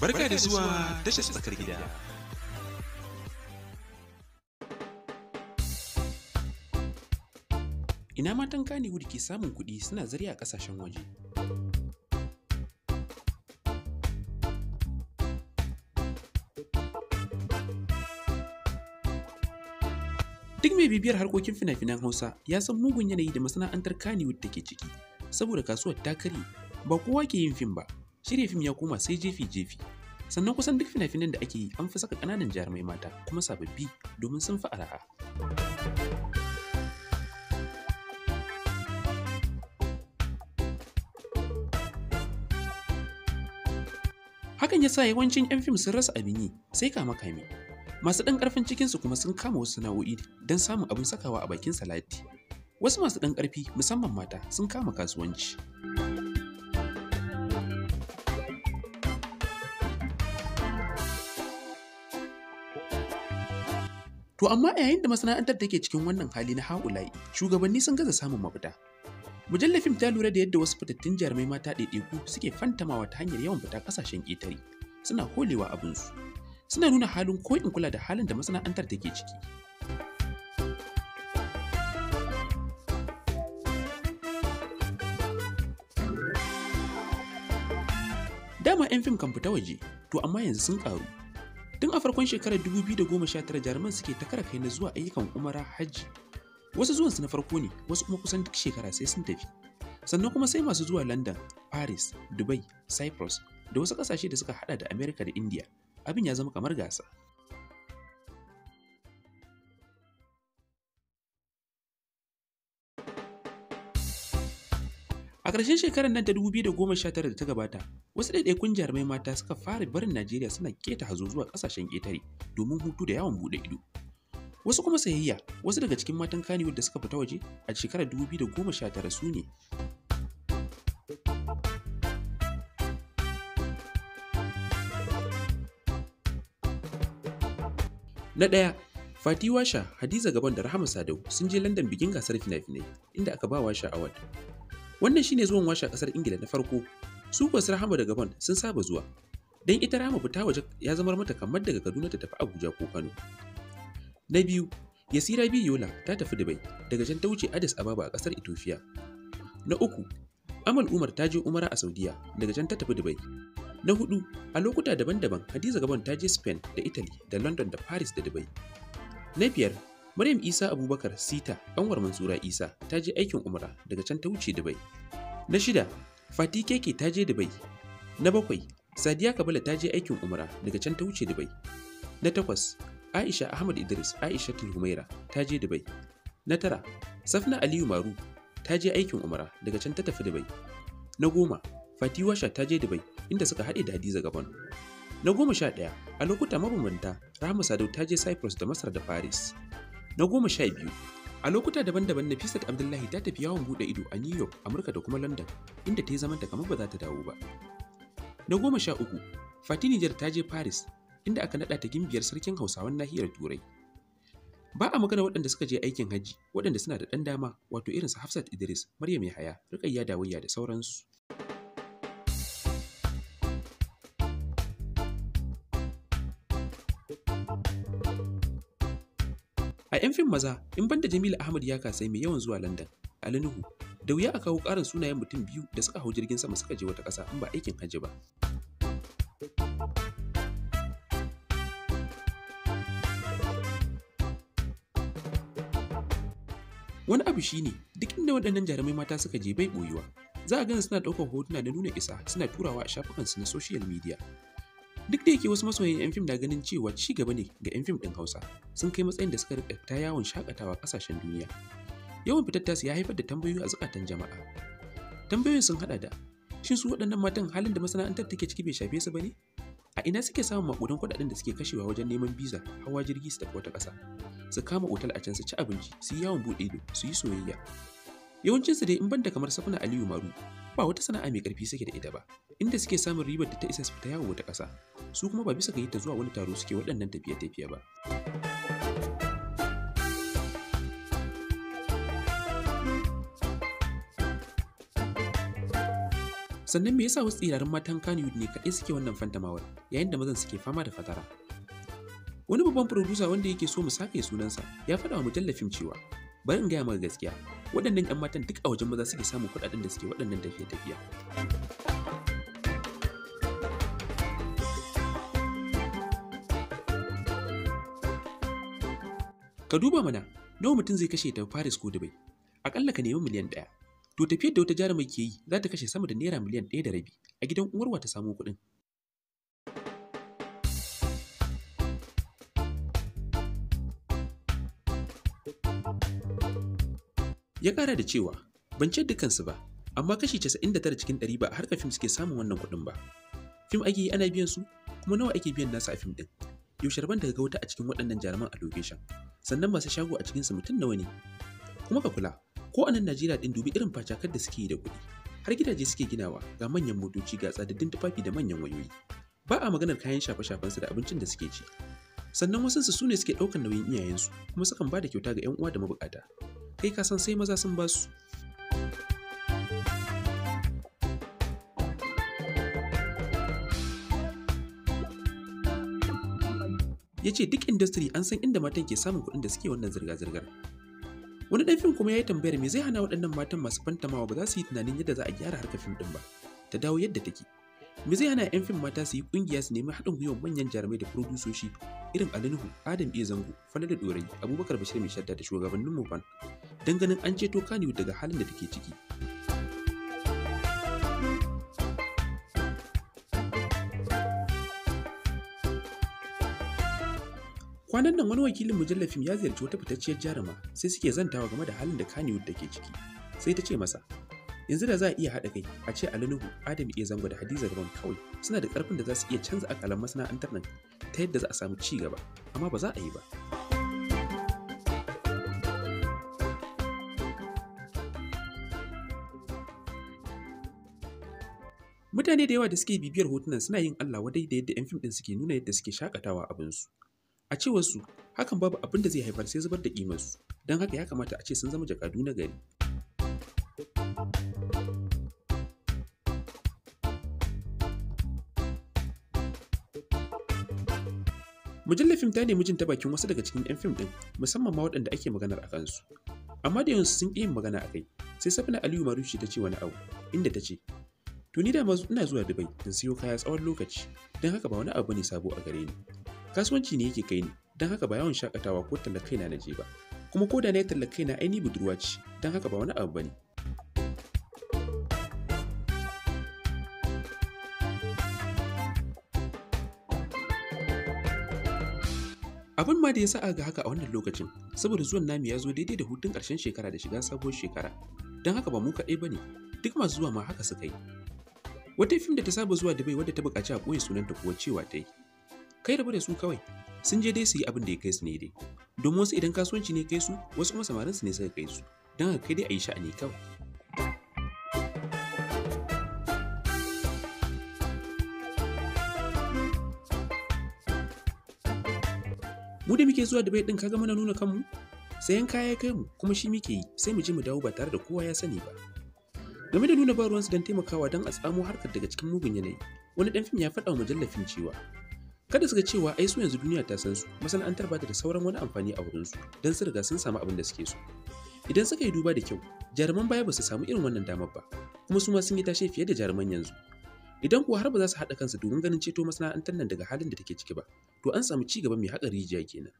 Barka da zuwa tashar tsakar gida. Ina matan wuri ke samun kuɗi suna zariya a ƙasashen waje. Duk mai bibiyar harkokin fina-finan Hausa ya san mugun yanayi da masana'antar wuri take ciki, saboda kasuwar ta karye, ba kowa ke yin fim ba. shirya fim ya koma sai jefi-jefi sannan kusan duk fina-finan da ake yi an fi saka ƙananan jarumai mata kuma sababbi domin sun fi araha. Hakan ya sa yawancin 'yan fim sun rasa abin yi sai kama kame. Masu ɗan ƙarfin cikinsu kuma sun kama wasu sana'o'i don samun abin sakawa a bakin salati. Wasu masu ɗan ƙarfi musamman mata sun kama kasuwanci. To amma yayin da masana'antar take cikin wannan hali na haula'i, shugabanni sun gaza samun mafita. Mujallar fim ta lura da yadda wasu fitattun jarumai mata ɗaiɗaiku suke fantamawa ta hanyar yawan fita ƙasashen ƙetare, suna holewa abinsu, suna nuna halin ko in kula da halin da masana'antar take ciki. Dama 'yan fim kan fita waje, to amma yanzu sun ƙaru. Tun a farkon shekarar 2019 jaruman suke ta kara kai na zuwa ayyukan umara hajji. Wasu zuwan su na farko ne, wasu kuma kusan duk shekara sai sun tafi. Sannan kuma sai masu zuwa London, Paris, Dubai, Cyprus da wasu ƙasashe da suka hada da Amerika da India. Abin ya zama kamar gasa. ƙarshen shekarar nan ta 2019 da ta gabata, wasu ɗaiɗaikun jarumai mata suka fara barin Najeriya suna keta hazo zuwa ƙasashen ƙetare domin hutu da yawon buɗe ido. Wasu kuma sayayya, wasu daga cikin matan Kannywood da suka fita waje a shekarar 2019 su ne. Na ɗaya, Fati Washa, Hadiza Gaban da Rahama Sadau sun je London bikin gasar fina-finai, inda aka ba Washa award. Wannan shine zuwan washe kasar Ingila na farko. Su kuwa Rahama da Gabon sun saba zuwa. don ita rama fita waje ya zama mata kamar daga Kaduna ta tafi Abuja ko Kano. Na biyu, Yasira Biyola ta tafi Dubai daga can ta wuce Addis Ababa a kasar Ethiopia. Na uku, Amal Umar ta je Umara a Saudiya daga can ta tafi Dubai. Na hudu, a lokuta daban-daban Hadiza Gabon ta je Spain da Italy da London da Paris da Dubai. Na biyar, Maryam Isa Abubakar Sita, ƙanwar Mansura Isa, ta je aikin Umra daga can ta wuce Dubai. Na shida, Fati Keke ta je Dubai. Na bakwai, Sadiya Kabala ta je aikin Umra daga can ta wuce Dubai. Na takwas, Aisha Ahmad Idris Aisha Tulhumaira ta je Dubai. Na tara, Safna Aliyu Maru ta je aikin Umra daga can ta tafi Dubai. Na goma, Fati Washa ta je Dubai inda suka haɗe da Hadiza Gabon. Na goma sha ɗaya, a lokuta mabambanta, Rahama Sadau ta je Cyprus da Masar da Paris. Na goma sha biyu, a lokuta daban-daban Nafisat Abdullahi ta tafi yawon buɗe ido a New York, Amurka da kuma London, inda ta yi zaman ta kamar ba za ta dawo ba. Na goma sha uku, Fati Jar ta je Paris, inda aka naɗa ta gimbiyar sarkin Hausawan nahiyar Turai. Ba a magana waɗanda suka je aikin hajji, waɗanda suna da ɗan dama, wato irin su Hafsat Idris, Maryam Yahaya, Rukayya Dawayya da sauransu. A 'yan fim maza, in banda Jamilu Ahmad ya kasai mai yawan zuwa London, Ali Nuhu, da wuya a kawo ƙarin sunayen mutum biyu da suka hau jirgin sama suka je wata ƙasa in ba aikin hajji ba. Wani abu shi ne duk inda waɗannan jarumai mata suka je bai ɓoyuwa. Za a gani suna ɗaukar hotuna da nuna isa suna turawa a su na social media Duk da yake wasu masoyan 'yan fim na ganin cewa ci gaba ne ga 'yan fim ɗin Hausa sun kai matsayin da suka riƙa ta yawon shakatawa ƙasashen duniya. Yawan fitar tasu ya haifar da tambayoyi a zukatan jama'a. Tambayoyin sun haɗa da shin su waɗannan matan halin da masana'antar take ciki bai shafe su ba ne? A ina suke samun maƙudan kuɗaɗen da suke kashewa wajen neman biza, hawa jirgi su tafi wata ƙasa, su kama otal a can su ci abinci, su yi yawon buɗe ido, su yi soyayya. Yawancinsu dai in banda kamar Safuna Aliyu Maru, ba wata sana'a mai ƙarfi suke da ita ba, inda suke samun ribar da ta isa su fita yawo wata ƙasa su kuma ba bisa ga ta zuwa wani taro suke waɗannan tafiye-tafiye ba sannan me yasa wasu tsirarin matan kanu ne kaɗai suke wannan fantamawar yayin da mazan suke fama da fatara wani babban furodusa wanda yake so mu sake sunansa ya faɗa wa mujallar cewa bari in gaya maka gaskiya waɗannan 'yan matan duk a wajen maza suke samun kuɗaɗen da suke waɗannan tafiye tafiya Ka duba mana, nawa mutum zai kashe ta Paris ko Dubai? Akalla ka nemi miliyan ɗaya. To tafiyar da wata jarumai ke yi za ta kashe sama da naira miliyan ɗaya da rabi a gidan uwarwa ta samo kuɗin. Ya ƙara da cewa, ban ce dukansu ba, amma kashi 99 cikin 100 ba harka fim suke samun wannan kuɗin ba. Fim ake yi ana biyan su, kuma nawa ake biyan nasa a fim ɗin? Yaushe rabon daga ga wata a cikin waɗannan jaruman a location. sannan masu shago a cikinsu mutum nawa ne kuma ka kula ko a nan najeriya din dubi irin facakar da suke yi da kuɗi har gidaje suke ginawa ga manyan motoci ga tsadaddin tufafi da manyan wayoyi ba a maganar kayan shafe-shafensu da abincin da suke ci sannan wasansu su ne suke ɗaukar nauyin iyayensu kuma sukan ba da kyauta ga 'yan uwa da mabukata kai ka san sai maza sun basu. su ya ce duk industry an san inda matan ke samun kuɗin da suke wannan zirga-zirgar wani ɗan fim kuma ya yi tambayar me zai hana waɗannan matan masu fantamawa ba za su yi tunanin yadda za a gyara harkar fim ɗin ba ta dawo yadda take me zai hana 'yan fim mata su yi ƙungiya su nemi haɗin gwiwar manyan jarumai da furodusoshi irin alinuhu adam e zango falada dorai abubakar bashir mai shadda da shugabannin mufan don an ceto kaniyu daga halin da take ciki kwanan nan wani wakilin mujallar ya ziyarci wata fitacciyar jaruma sai suke zantawa game da halin da kaniwood da ke ciki sai ta ce masa yanzu da za a iya haɗa kai a ce alinuhu adam iya zango da hadiza gaban kawai suna da ƙarfin da za su iya canza akalan masana'antar nan ta yadda za a samu ci gaba amma ba za a yi ba mutane da yawa da suke bibiyar hotunan suna yin allah wadai da yadda 'yan fim ɗin suke nuna yadda suke shakatawa abinsu A cewar su, hakan babu abin da zai haifar sai zubar da su don haka ya kamata a ce sun zama jakadu na gari. Mujallar fim ta nemi jin ta bakin wasu daga cikin 'yan fim ɗin musamman ma waɗanda ake maganar a kansu. Amma da yawansu sun ƙi yin magana a kai, sai Safina Aliyu Marushi ta ce wani abu, inda ta ce, Tuni da ina zuwa Dubai don siyo kaya tsawon lokaci, don haka ba wani abu ne sabo a gare ni. kasuwanci ne yake kai ni don haka ba yawan shakatawa ko talla na naje ba kuma ko da na yi talla na ai budurwa ce don haka ba wani abu bane abin ma da ya a ga haka a wannan lokacin saboda zuwan nami ya zo daidai da hutun ƙarshen shekara da shiga sabuwar shekara don haka ba mu kaɗai ba ne duk masu zuwa ma haka suka yi wata fim da ta saba zuwa dubai wadda ta buƙaci a ɓoye sunanta kuwa cewa ta yi kai rabu da su kawai sun je dai su yi abin da ya kai su ne dai domin wasu idan kasuwanci ne kai su wasu kuma samarin su ne suka kai su don haka kai dai a yi sha'ani kawai mu da muke zuwa da bai din kaga mana nuna kanmu sayan kaya kai mu kuma shi muke yi sai mu je mu dawo ba tare da kowa ya sani ba game da nuna ba ruwansu don taimakawa don a tsamo harkar daga cikin mugun yanayi wani dan fim ya faɗa wa mujallafin cewa kada su ga cewa ai su yanzu duniya ta san su masana'antar ba ta da sauran wani amfani a wurin su don su riga sun samu abin da suke so idan suka yi duba da kyau jaruman baya ba su samu irin wannan damar ba kuma su ma sun yi tashe fiye da jaruman yanzu idan kuwa har ba za su haɗa kansu domin ganin ceto masana'antar nan daga halin da take ciki ba to an samu ci gaba mai haƙa rijiya kenan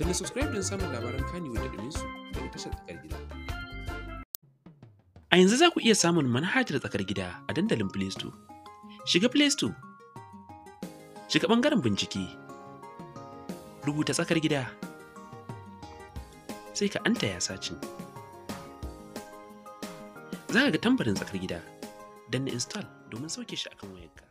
dana subscribe don samun labaran kaniwa da ɗuminsu daga tashar tsakar gida. A yanzu za ku iya samun manhajar tsakar gida a dandalin Play Store. Shiga Play Store, shiga ɓangaren bincike, rubuta tsakar gida, sai ka anta ya sacin. Za ka ga tambarin tsakar gida, na install domin sauke shi akan wayarka.